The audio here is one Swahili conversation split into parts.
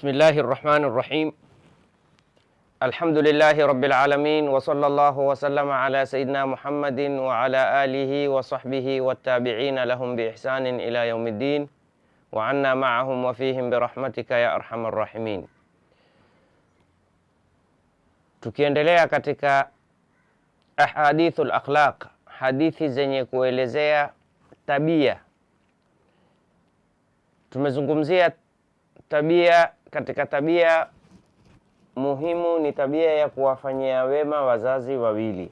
بسم الله الرحمن الرحيم الحمد لله رب العالمين وصلى الله وسلم على سيدنا محمد وعلى آله وصحبه والتابعين لهم بإحسان إلى يوم الدين وعنا معهم وفيهم برحمتك يا أرحم الراحمين tukiendelea katika ahadithu lakhlaq hadithi zenye kuelezea tabia tumezungumzia tabia katika tabia muhimu ni tabia ya kuwafanyia wema wazazi wawili.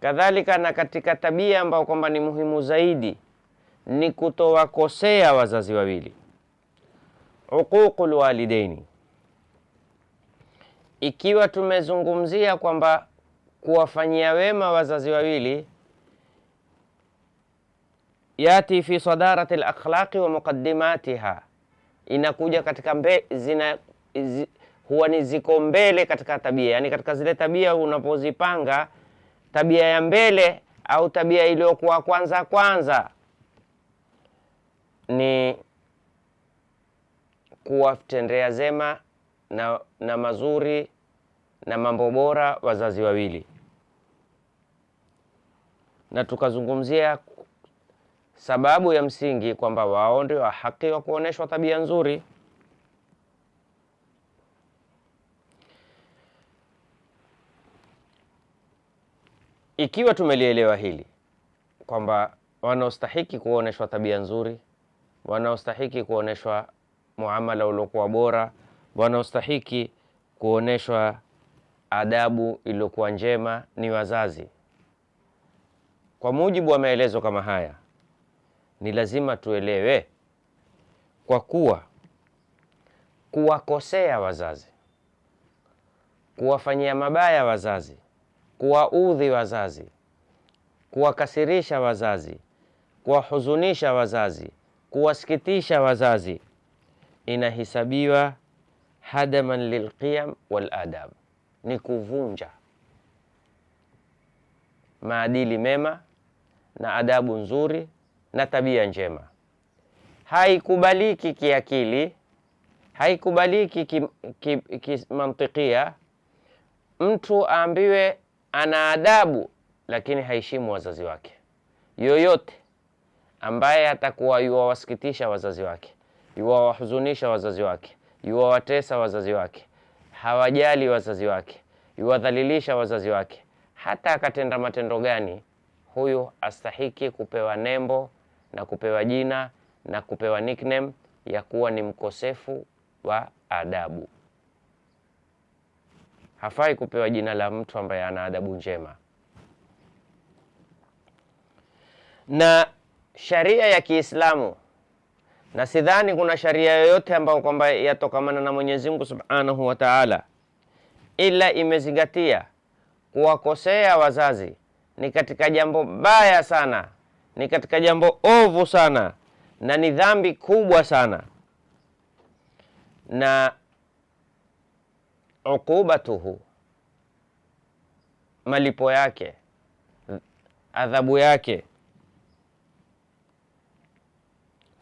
Kadhalika na katika tabia ambayo kwamba ni muhimu zaidi ni kutowakosea wazazi wawili, uququl walidaini. Ikiwa tumezungumzia kwamba kuwafanyia wema wazazi wawili yati fi sadarati lakhlaqi wa muqaddimatiha inakuja katika mbe, zina, zi, huwa ni ziko mbele katika tabia, yaani katika zile tabia unapozipanga tabia ya mbele au tabia iliyokuwa kwanza kwanza ni kuwatendea zema na, na mazuri na mambo bora wazazi wawili, na tukazungumzia sababu ya msingi kwamba wao ndio wa haki wa kuonyeshwa tabia nzuri. Ikiwa tumelielewa hili kwamba wanaostahiki kuonyeshwa tabia nzuri, wanaostahiki kuonyeshwa muamala uliokuwa bora, wanaostahiki kuonyeshwa adabu iliyokuwa njema ni wazazi, kwa mujibu wa maelezo kama haya ni lazima tuelewe, kwa kuwa kuwakosea wazazi, kuwafanyia mabaya wazazi, kuwaudhi wazazi, kuwakasirisha wazazi, kuwahuzunisha wazazi, kuwasikitisha wazazi inahisabiwa hadaman lilqiyam waladab, ni kuvunja maadili mema na adabu nzuri na tabia njema. Haikubaliki kiakili, haikubaliki kimantikia ki, ki mtu aambiwe ana adabu lakini haheshimu wazazi wake. Yoyote ambaye atakuwa yuwawasikitisha wazazi wake, yuwawahuzunisha wazazi wake, yuwawatesa wazazi wake, hawajali wazazi wake, yuwadhalilisha wazazi wake, hata akatenda matendo gani, huyu astahiki kupewa nembo na kupewa jina na kupewa nickname ya kuwa ni mkosefu wa adabu. Hafai kupewa jina la mtu ambaye ana adabu njema. Na sharia ya Kiislamu, na sidhani kuna sharia yoyote ambayo kwamba yatokamana na Mwenyezi Mungu Subhanahu wa Ta'ala, ila imezingatia kuwakosea wazazi ni katika jambo baya sana ni katika jambo ovu sana na ni dhambi kubwa sana, na uqubatuhu, malipo yake, adhabu yake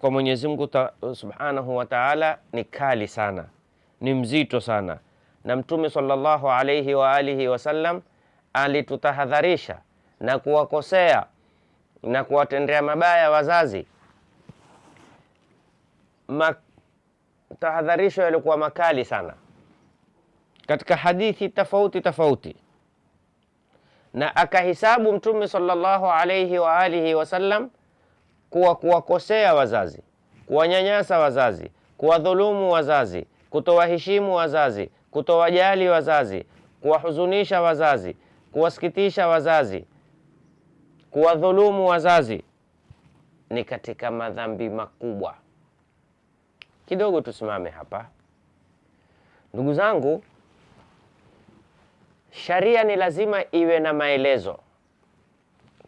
kwa Mwenyezi Mungu Subhanahu wa Ta'ala ni kali sana, ni mzito sana, na Mtume sallallahu alayhi wa alihi wasallam alitutahadharisha na kuwakosea na kuwatendea mabaya wazazi. Matahadharisho yalikuwa makali sana katika hadithi tofauti tofauti, na akahisabu Mtume sallallahu alayhi wa alihi wasallam kuwa kuwakosea wazazi, kuwanyanyasa wazazi, kuwadhulumu wazazi, kutowaheshimu wazazi, kutowajali wazazi, kuwahuzunisha wazazi, kuwasikitisha wazazi Kuwadhulumu wazazi ni katika madhambi makubwa. Kidogo tusimame hapa, ndugu zangu. Sharia ni lazima iwe na maelezo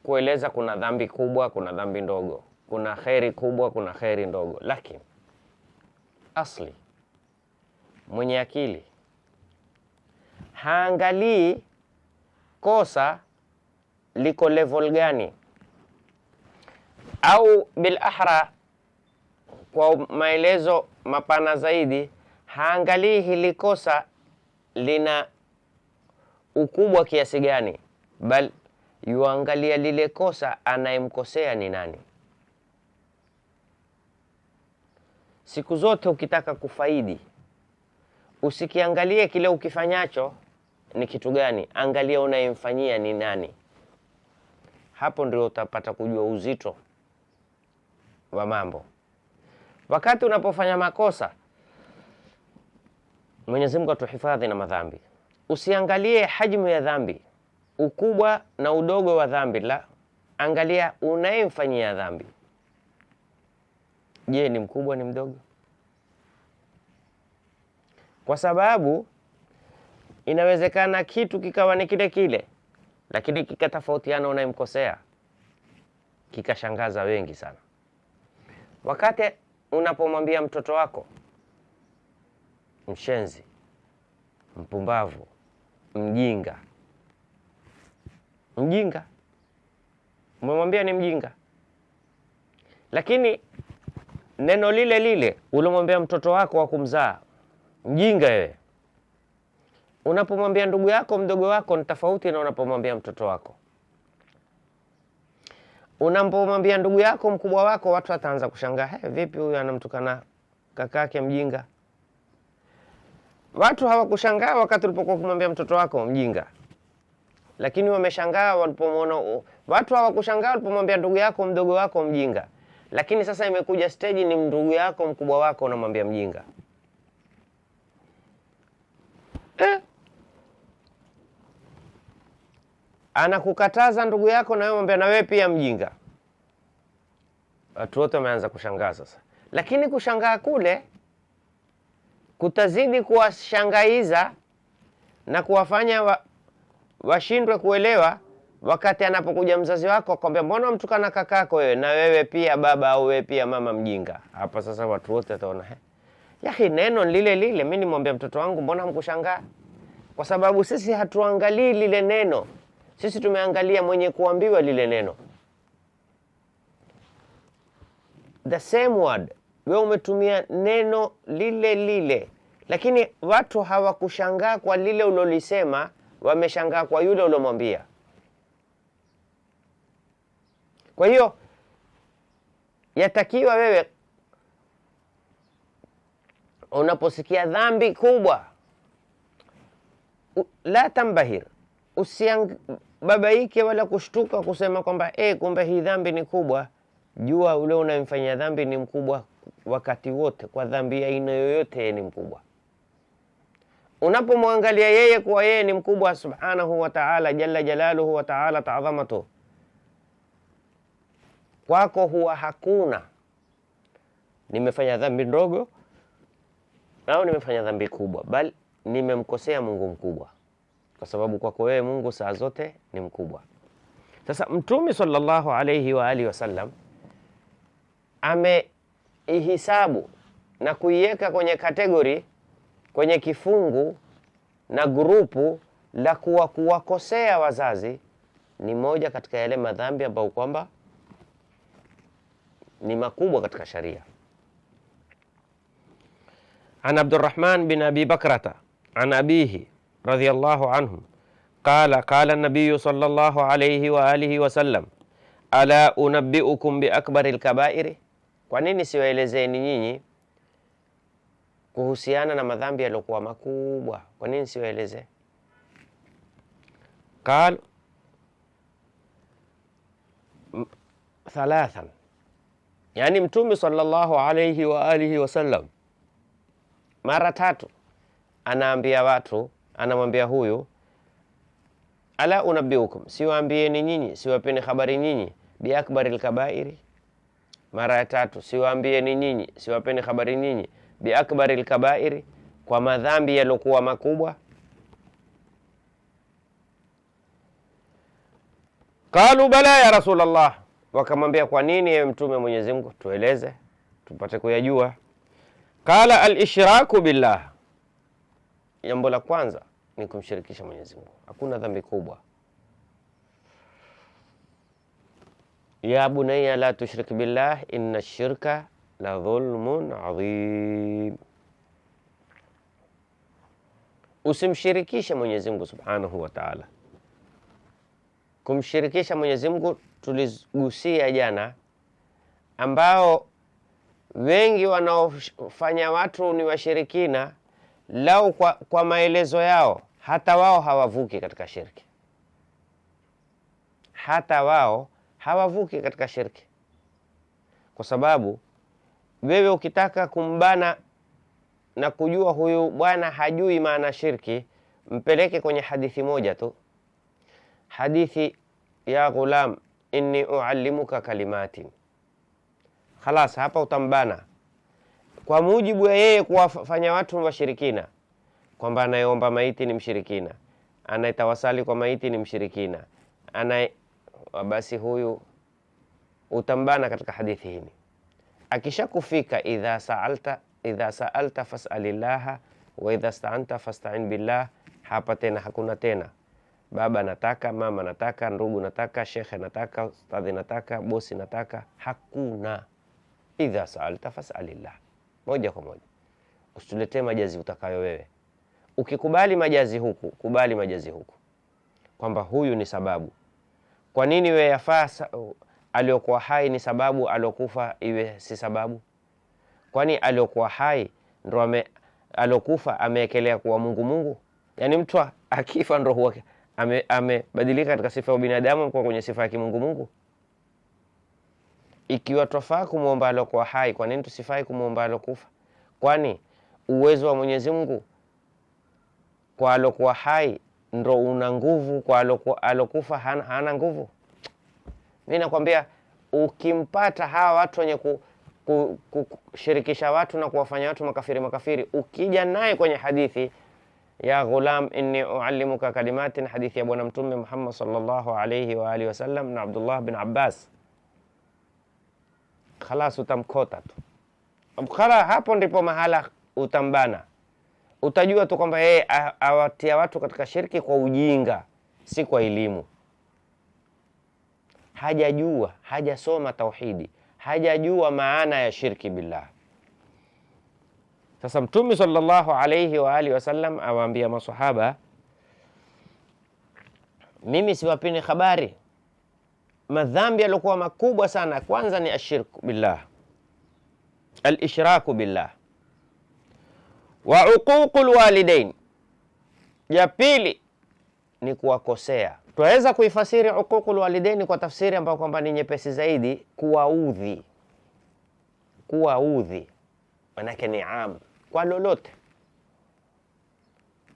kueleza, kuna dhambi kubwa, kuna dhambi ndogo, kuna kheri kubwa, kuna kheri ndogo, lakini asli mwenye akili haangalii kosa liko level gani, au bil ahra kwa maelezo mapana zaidi, haangalii hili kosa lina ukubwa kiasi gani, bal yuangalia lile kosa anayemkosea ni nani. Siku zote ukitaka kufaidi, usikiangalie kile ukifanyacho ni kitu gani, angalia unayemfanyia ni nani hapo ndio utapata kujua uzito wa mambo. Wakati unapofanya makosa, Mwenyezi Mungu atuhifadhi na madhambi. Usiangalie hajmu ya dhambi, ukubwa na udogo wa dhambi, la angalia unayemfanyia dhambi. Je, ni mkubwa ni mdogo? Kwa sababu inawezekana kitu kikawa ni kile kile lakini kikatofautiana unayemkosea, kikashangaza wengi sana. Wakati unapomwambia mtoto wako mshenzi, mpumbavu, mjinga, mjinga, umemwambia ni mjinga, lakini neno lile lile uliomwambia mtoto wako wa kumzaa mjinga, wewe Unapomwambia ndugu yako mdogo wako ni tofauti na unapomwambia mtoto wako. Unapomwambia ndugu yako mkubwa wako, watu wataanza kushangaa, hey, vipi huyu anamtukana kakake mjinga? Watu hawakushangaa wakati ulipokuwa kumwambia mtoto wako mjinga, lakini wameshangaa walipomwona. Watu hawakushangaa walipomwambia ndugu yako mdogo wako mjinga, lakini sasa imekuja stage ni ndugu yako mkubwa wako unamwambia mjinga eh. anakukataza ndugu yako, na wewe na wewe pia mjinga. Watu wote wameanza kushangaa sasa, lakini kushangaa kule kutazidi kuwashangaiza na kuwafanya wa, washindwe kuelewa wakati anapokuja mzazi wako akwambia, mbona wamtukana kakako wewe, na wewe pia baba au wewe pia mama mjinga. Hapa sasa watu wote wataona yahi, neno lile lile. Mimi nimwambia mtoto wangu, mbona mkushangaa? Kwa sababu sisi hatuangalii lile neno sisi tumeangalia mwenye kuambiwa lile neno, the same word. We umetumia neno lile lile, lakini watu hawakushangaa kwa lile ulolisema, wameshangaa kwa yule ulomwambia. Kwa hiyo yatakiwa wewe unaposikia dhambi kubwa, la tambahir kubabaike wala kushtuka kusema kwamba e, kumbe hii dhambi ni kubwa. Jua ule unamfanyia dhambi ni mkubwa wakati wote, kwa dhambi ya aina yoyote yeye ni mkubwa. Unapomwangalia yeye kuwa yeye ni mkubwa subhanahu wa ta'ala, jalla jalaluhu wa ta'ala ta'azamatu, kwako huwa hakuna nimefanya dhambi ndogo au nimefanya dhambi kubwa, bali nimemkosea Mungu mkubwa kwa sababu kwako wewe Mungu saa zote ni mkubwa. Sasa Mtume sallallahu alayhi wa alihi wasallam ameihisabu na kuiweka kwenye kategori, kwenye kifungu na grupu la kuwa kuwakosea wazazi ni moja katika yale madhambi ambayo kwamba ni makubwa katika sharia. An Abdurrahman bin Abi Bakrata an abihi radhiallahu anhu qala qala nabiyu sallallahu alayhi wa alihi wasallam ala unabbiukum bi akbari lkabairi, kwa nini siwaelezeni nyinyi kuhusiana na madhambi yaliokuwa makubwa? Kwa nini siwaelezee? Qal thalathan, yani Mtume sallallahu alayhi wa alihi wasallam mara tatu anaambia watu anamwambia huyu, ala unabiukum, siwaambieni nyinyi, siwapeni habari nyinyi, biakbari kabairi, mara ya tatu, siwaambieni nyinyi, siwapeni habari nyinyi, biakbari kabairi, kwa madhambi yaliokuwa makubwa. Qalu bala ya Rasulullah, wakamwambia kwa nini ewe Mtume wa Mwenyezi Mungu, tueleze tupate kuyajua. Qala al-ishraku billah, jambo la kwanza ni kumshirikisha Mwenyezi Mungu. Hakuna dhambi kubwa. Ya bunayya la tushrik billah inna shirka la dhulmun adhim, usimshirikishe Mwenyezi Mungu subhanahu wa taala. Kumshirikisha Mwenyezi Mungu tuligusia jana, ambao wengi wanaofanya watu ni washirikina lau kwa, kwa maelezo yao hata wao hawavuki katika shirki, hata wao hawavuki katika shirki, kwa sababu wewe ukitaka kumbana na kujua huyu bwana hajui maana shirki, mpeleke kwenye hadithi moja tu, hadithi ya ghulam, inni uallimuka kalimatin khalas. Hapa utambana kwa mujibu ya yeye kuwafanya watu washirikina kwamba anayeomba maiti ni mshirikina, anayetawasali kwa maiti ni mshirikina, anaye basi huyu utambana katika hadithi hili. Akishakufika idha saalta, idha saalta fasalillaha wa idha staanta fastain billah. Hapa tena hakuna tena baba nataka, mama nataka, ndugu nataka, shekhe nataka, ustadhi nataka, bosi nataka, hakuna. Idha saalta fasalillah, moja kwa moja, usituletee majazi utakayo wewe ukikubali majazi huku, kubali majazi huku, kwamba huyu ni sababu. Kwa nini we yafaa aliyokuwa hai ni sababu, aliokufa iwe si sababu? Kwani aliokuwa hai ndo ame aliokufa ameekelea kuwa Mungu Mungu? Yani mtu akifa ndo huwa amebadilika ame katika sifa ya ubinadamu kwa kwenye sifa ya kimungu Mungu. Ikiwa twafaa kumwomba aliokuwa hai, kwa nini tusifai kumwomba aliokufa? Kwani uwezo wa Mwenyezi Mungu kwa alokuwa hai ndo una nguvu, kwa alokufa hana, hana nguvu. Mi nakwambia ukimpata hawa watu wenye kushirikisha ku, ku, watu na kuwafanya watu makafiri makafiri, ukija naye kwenye hadithi ya ghulam inni uallimuka kalimatin, hadithi ya Bwana Mtume Muhammad salllahu alaihi waalihi wasallam na Abdullah bin Abbas, khalas utamkota tu khala. Hapo ndipo mahala utambana utajua tu kwamba yeye awatia watu katika shirki kwa ujinga, si kwa elimu. Hajajua, hajasoma tauhidi, hajajua maana ya shirki billah. Sasa Mtume sallallahu alayhi wa alihi wasallam awaambia maswahaba, mimi siwapini habari madhambi yaliokuwa makubwa sana. Kwanza ni ashirku billah, alishraku billah wa uququl walidain, ya pili ni kuwakosea. Twaweza kuifasiri uququl walidain kwa tafsiri ambayo kwamba ni nyepesi zaidi, kuwaudhi. Kuwaudhi manake ni am, kwa lolote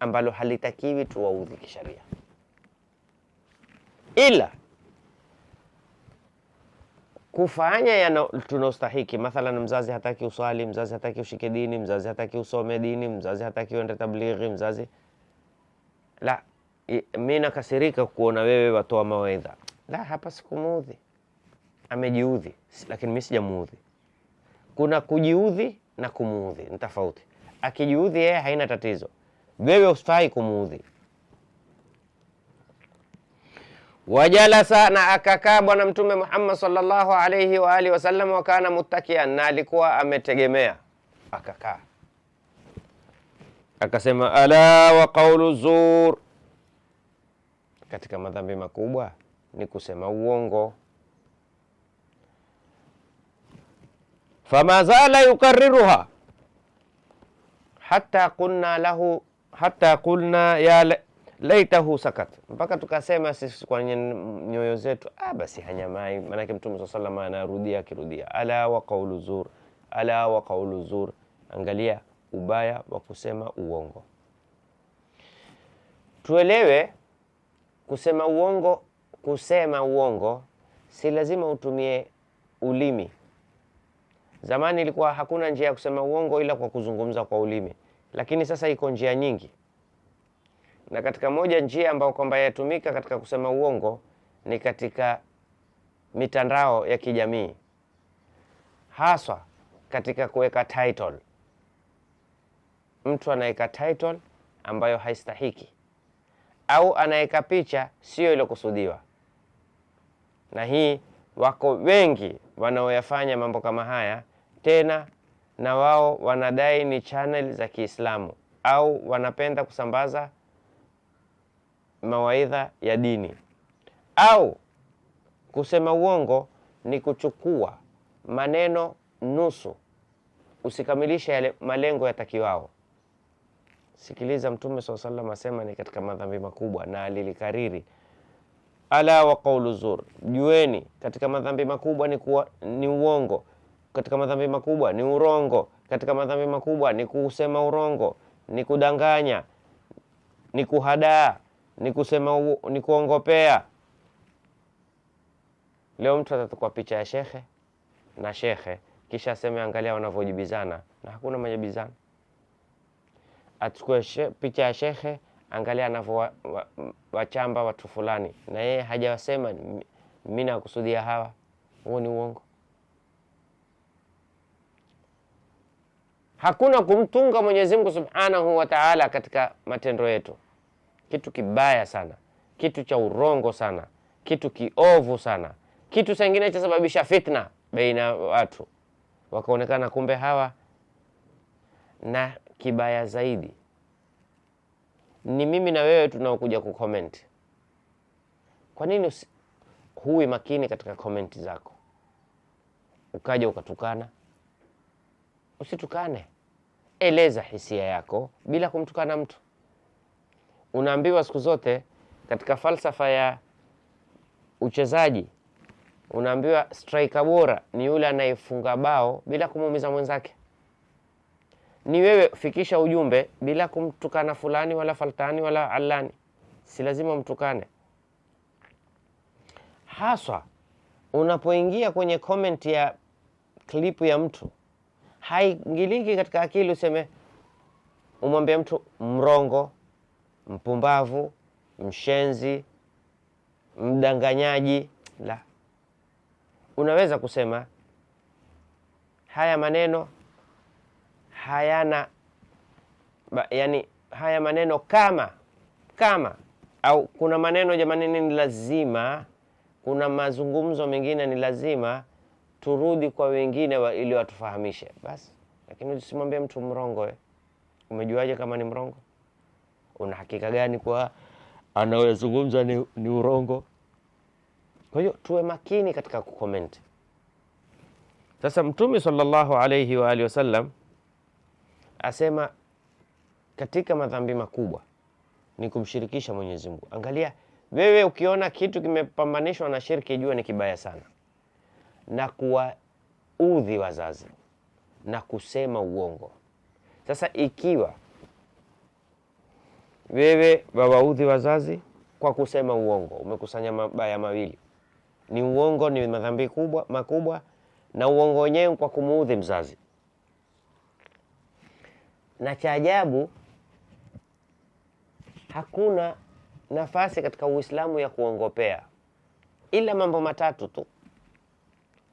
ambalo halitakiwi tuwaudhi kisharia, ila kufanya yana tunaostahiki. Mathalan, mzazi hataki uswali, mzazi hataki ushike dini, mzazi hataki usome dini, mzazi hataki uende tablighi, mzazi la mimi nakasirika kuona wewe watoa mawaidha. La, hapa sikumuudhi, amejiudhi, lakini mimi sijamuudhi. Kuna kujiudhi na kumuudhi ni tofauti. Akijiudhi yeye haina tatizo, wewe usifai kumuudhi. wajalasa, na akakaa Bwana Mtume Muhammad sallallahu alayhi wa alihi wasallam, wakana mutakian na alikuwa ametegemea, akakaa. Akasema ala wa qawlu zur, katika madhambi makubwa ni kusema uongo. Fama zala yukarriruha hatta qulna lahu hatta qulna ya laitahu sakat, mpaka tukasema sisi kwa nyoyo zetu, ah, basi hanyamai. Maanake Mtume alayhi salam anarudia akirudia, ala wa qaulu zur, ala wa qaulu zur. Angalia ubaya wa kusema uongo. Tuelewe kusema uongo, kusema uongo si lazima utumie ulimi. Zamani ilikuwa hakuna njia ya kusema uongo ila kwa kuzungumza kwa ulimi, lakini sasa iko njia nyingi. Na katika moja njia ambayo kwamba yatumika katika kusema uongo ni katika mitandao ya kijamii, haswa katika kuweka title. Mtu anaweka title ambayo haistahiki au anaweka picha sio iliyokusudiwa, na hii wako wengi wanaoyafanya mambo kama haya, tena na wao wanadai ni channel za Kiislamu au wanapenda kusambaza mawaidha ya dini. Au kusema uongo ni kuchukua maneno nusu, usikamilisha yale malengo yatakiwao. Sikiliza Mtume swalla sallam asema ni katika madhambi makubwa, na alilikariri ala wa qaulu zur, jueni katika madhambi makubwa ni, kuwa, ni uongo katika madhambi makubwa ni urongo, katika madhambi makubwa ni kusema urongo, ni kudanganya, ni kuhadaa ni kusema ni kuongopea. Leo mtu atatukwa picha ya shekhe na shekhe, kisha aseme angalia wanavyojibizana, na hakuna majibizana Achukue picha ya shekhe, angalia anavyowachamba wa, wa, watu fulani, na yeye hajawasema mimi nakusudia hawa. Huo ni uongo. Hakuna kumtunga Mwenyezi Mungu Subhanahu wa Ta'ala katika matendo yetu kitu kibaya sana, kitu cha urongo sana, kitu kiovu sana, kitu sengine chasababisha fitna baina ya watu, wakaonekana kumbe hawa. Na kibaya zaidi ni mimi na wewe tunaokuja kucomment. Kwa nini huwi makini katika komenti zako, ukaja ukatukana? Usitukane, eleza hisia yako bila kumtukana mtu unaambiwa siku zote katika falsafa ya uchezaji unaambiwa striker bora ni yule anayefunga bao bila kumuumiza mwenzake. Ni wewe fikisha ujumbe bila kumtukana fulani wala faltani wala alani, si lazima mtukane, haswa unapoingia kwenye comment ya klipu ya mtu. Haingiliki katika akili useme umwambie mtu mrongo mpumbavu, mshenzi, mdanganyaji. La, unaweza kusema haya maneno hayana ba, yani haya maneno kama kama au kuna maneno jamanini, ni lazima kuna mazungumzo mengine ni lazima turudi kwa wengine wa, ili watufahamishe basi, lakini usimwambie mtu mrongo eh. Umejuaje kama ni mrongo? una hakika gani kwa anayozungumza ni, ni urongo? Kwa hiyo tuwe makini katika kukomenti. Sasa Mtume sallallahu alayhi wa alihi wasallam asema katika madhambi makubwa ni kumshirikisha Mwenyezi Mungu. Angalia wewe, ukiona kitu kimepambanishwa na shirki, jua ni kibaya sana, na kuwaudhi wazazi na kusema uongo. Sasa ikiwa wewe wawaudhi wazazi kwa kusema uongo, umekusanya mabaya mawili, ni uongo, ni madhambi kubwa makubwa, na uongo wenyewe kwa kumuudhi mzazi. Na cha ajabu, hakuna nafasi katika Uislamu ya kuongopea, ila mambo matatu tu.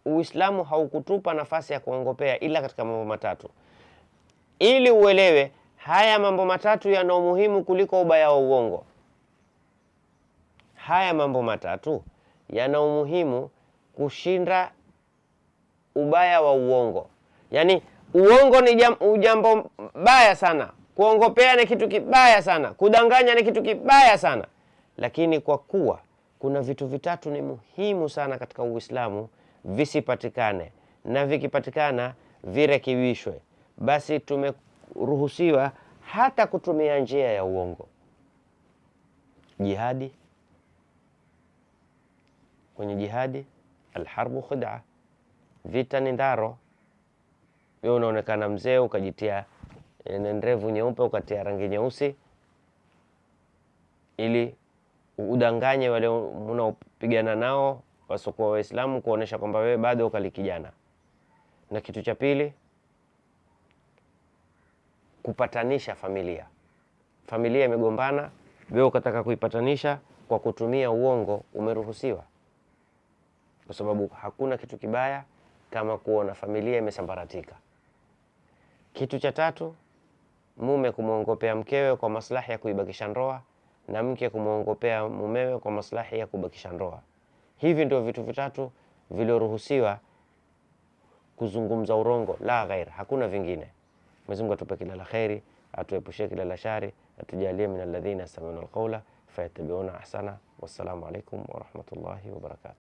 Uislamu haukutupa nafasi ya kuongopea ila katika mambo matatu, ili uelewe Haya mambo matatu yana umuhimu kuliko ubaya wa uongo. Haya mambo matatu yana umuhimu kushinda ubaya wa uongo. Yaani uongo ni jambo baya sana, kuongopea ni kitu kibaya sana, kudanganya ni kitu kibaya sana, lakini kwa kuwa kuna vitu vitatu ni muhimu sana katika Uislamu visipatikane, na vikipatikana virekebishwe, basi tume kuruhusiwa hata kutumia njia ya uongo. Jihadi, kwenye jihadi alharbu khuda, vita ni ndaro. Wewe unaonekana mzee ukajitia eh, ndevu nyeupe ukatia rangi nyeusi ili udanganye wale unaopigana nao wasiokuwa Waislamu kuonesha kwamba wewe bado ukali kijana. Na kitu cha pili kupatanisha familia. Familia imegombana, wewe ukataka kuipatanisha kwa kutumia uongo, umeruhusiwa, kwa sababu hakuna kitu kibaya kama kuona familia imesambaratika. Kitu cha tatu, mume kumwongopea mkewe kwa maslahi ya kuibakisha ndoa na mke kumwongopea mumewe kwa maslahi ya kubakisha ndoa. Hivi ndio vitu vitatu vilioruhusiwa kuzungumza urongo, la ghair, hakuna vingine. Mwenyezi Mungu atupe kila la kheri, atuepushie kila la shari, atujalie min alladhina yastami'una alqawla fayatabi'una ahsana. Wassalamu alaikum warahmatullahi wabarakatuh.